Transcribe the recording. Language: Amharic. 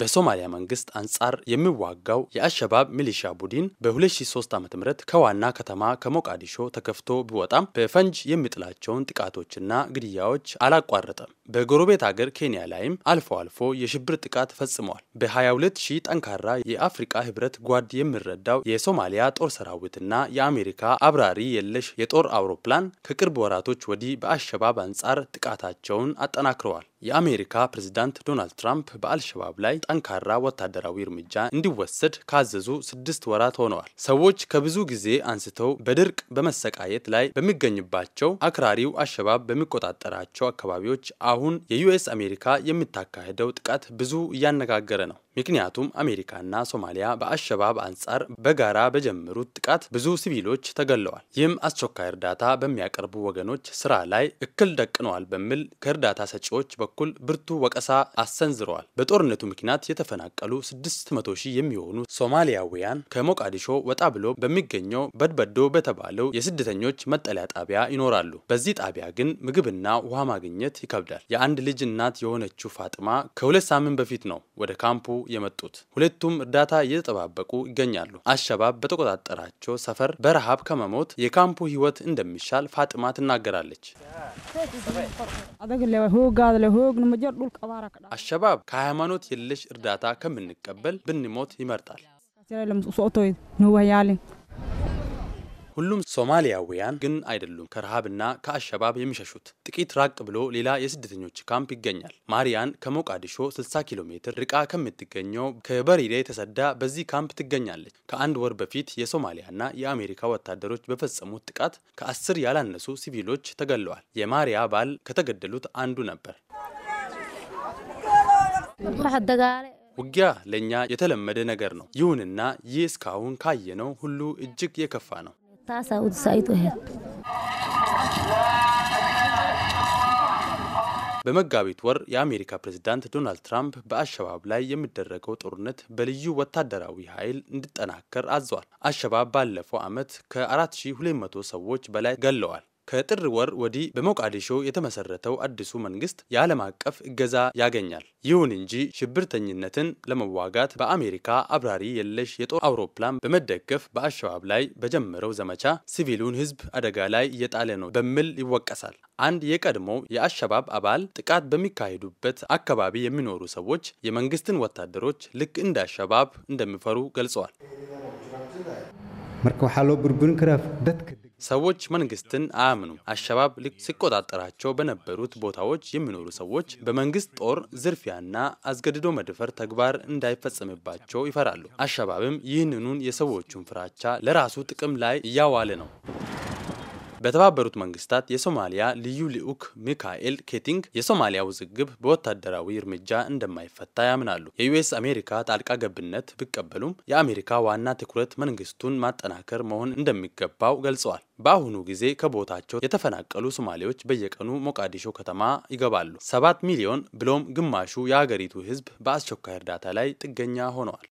በሶማሊያ መንግስት አንጻር የሚዋጋው የአሸባብ ሚሊሻ ቡድን በ2003 .ም ከዋና ከተማ ከሞቃዲሾ ተከፍቶ ቢወጣም በፈንጅ የሚጥላቸውን ጥቃቶችና ግድያዎች አላቋረጠም። በጎረቤት ሀገር ኬንያ ላይም አልፎ አልፎ የሽብር ጥቃት ፈጽመዋል። በ22 ሺህ ጠንካራ የአፍሪካ ህብረት ጓድ የሚረዳው የሶማሊያ ጦር ሰራዊትና የአሜሪካ አብራሪ የለሽ የጦር አውሮፕላን ከቅርብ ወራቶች ወዲህ በአሸባብ አንጻር ጥቃታቸውን አጠናክረዋል። የአሜሪካ ፕሬዝዳንት ዶናልድ ትራምፕ በአልሸባብ ላይ ጠንካራ ወታደራዊ እርምጃ እንዲወሰድ ካዘዙ ስድስት ወራት ሆነዋል። ሰዎች ከብዙ ጊዜ አንስተው በድርቅ በመሰቃየት ላይ በሚገኝባቸው አክራሪው አሸባብ በሚቆጣጠራቸው አካባቢዎች አሁን አሁን የዩኤስ አሜሪካ የምታካሄደው ጥቃት ብዙ እያነጋገረ ነው። ምክንያቱም አሜሪካና ሶማሊያ በአሸባብ አንጻር በጋራ በጀመሩት ጥቃት ብዙ ሲቪሎች ተገለዋል። ይህም አስቸኳይ እርዳታ በሚያቀርቡ ወገኖች ስራ ላይ እክል ደቅነዋል በሚል ከእርዳታ ሰጪዎች በኩል ብርቱ ወቀሳ አሰንዝረዋል። በጦርነቱ ምክንያት የተፈናቀሉ 600 ሺህ የሚሆኑ ሶማሊያውያን ከሞቃዲሾ ወጣ ብሎ በሚገኘው በድበዶ በተባለው የስደተኞች መጠለያ ጣቢያ ይኖራሉ። በዚህ ጣቢያ ግን ምግብና ውሃ ማግኘት ይከብዳል። የአንድ ልጅ እናት የሆነችው ፋጥማ ከሁለት ሳምንት በፊት ነው ወደ ካምፑ የመጡት። ሁለቱም እርዳታ እየተጠባበቁ ይገኛሉ። አሸባብ በተቆጣጠራቸው ሰፈር በረሃብ ከመሞት የካምፑ ህይወት እንደሚሻል ፋጥማ ትናገራለች። አሸባብ ከሃይማኖት የለሽ እርዳታ ከምንቀበል ብንሞት ይመርጣል። ሁሉም ሶማሊያውያን ግን አይደሉም ከረሃብና ከአሸባብ የሚሸሹት። ጥቂት ራቅ ብሎ ሌላ የስደተኞች ካምፕ ይገኛል። ማሪያን ከሞቃዲሾ 60 ኪሎ ሜትር ርቃ ከምትገኘው ከበሪሬ ተሰዳ በዚህ ካምፕ ትገኛለች። ከአንድ ወር በፊት የሶማሊያና የአሜሪካ ወታደሮች በፈጸሙት ጥቃት ከአስር ያላነሱ ሲቪሎች ተገለዋል። የማሪያ ባል ከተገደሉት አንዱ ነበር። ውጊያ ለእኛ የተለመደ ነገር ነው። ይሁንና ይህ እስካሁን ካየነው ሁሉ እጅግ የከፋ ነው። taasa udsaaitu aheyd በመጋቢት ወር የአሜሪካ ፕሬዝዳንት ዶናልድ ትራምፕ በአሸባብ ላይ የሚደረገው ጦርነት በልዩ ወታደራዊ ኃይል እንዲጠናከር አዘዋል። አሸባብ ባለፈው ዓመት ከ4200 ሰዎች በላይ ገለዋል። ከጥር ወር ወዲህ በሞቃዲሾ የተመሰረተው አዲሱ መንግስት የዓለም አቀፍ እገዛ ያገኛል። ይሁን እንጂ ሽብርተኝነትን ለመዋጋት በአሜሪካ አብራሪ የለሽ የጦር አውሮፕላን በመደገፍ በአሸባብ ላይ በጀመረው ዘመቻ ሲቪሉን ሕዝብ አደጋ ላይ እየጣለ ነው በሚል ይወቀሳል። አንድ የቀድሞ የአሸባብ አባል ጥቃት በሚካሄዱበት አካባቢ የሚኖሩ ሰዎች የመንግስትን ወታደሮች ልክ እንደ አሸባብ እንደሚፈሩ ገልጸዋል። ሰዎች መንግስትን አያምኑም። አሸባብ ሲቆጣጠራቸው በነበሩት ቦታዎች የሚኖሩ ሰዎች በመንግስት ጦር ዝርፊያና አስገድዶ መድፈር ተግባር እንዳይፈጸምባቸው ይፈራሉ። አሸባብም ይህንኑን የሰዎቹን ፍራቻ ለራሱ ጥቅም ላይ እያዋለ ነው። በተባበሩት መንግስታት የሶማሊያ ልዩ ልዑክ ሚካኤል ኬቲንግ የሶማሊያ ውዝግብ በወታደራዊ እርምጃ እንደማይፈታ ያምናሉ። የዩኤስ አሜሪካ ጣልቃ ገብነት ቢቀበሉም የአሜሪካ ዋና ትኩረት መንግስቱን ማጠናከር መሆን እንደሚገባው ገልጸዋል። በአሁኑ ጊዜ ከቦታቸው የተፈናቀሉ ሶማሌዎች በየቀኑ ሞቃዲሾ ከተማ ይገባሉ። ሰባት ሚሊዮን ብሎም ግማሹ የአገሪቱ ህዝብ በአስቸኳይ እርዳታ ላይ ጥገኛ ሆነዋል።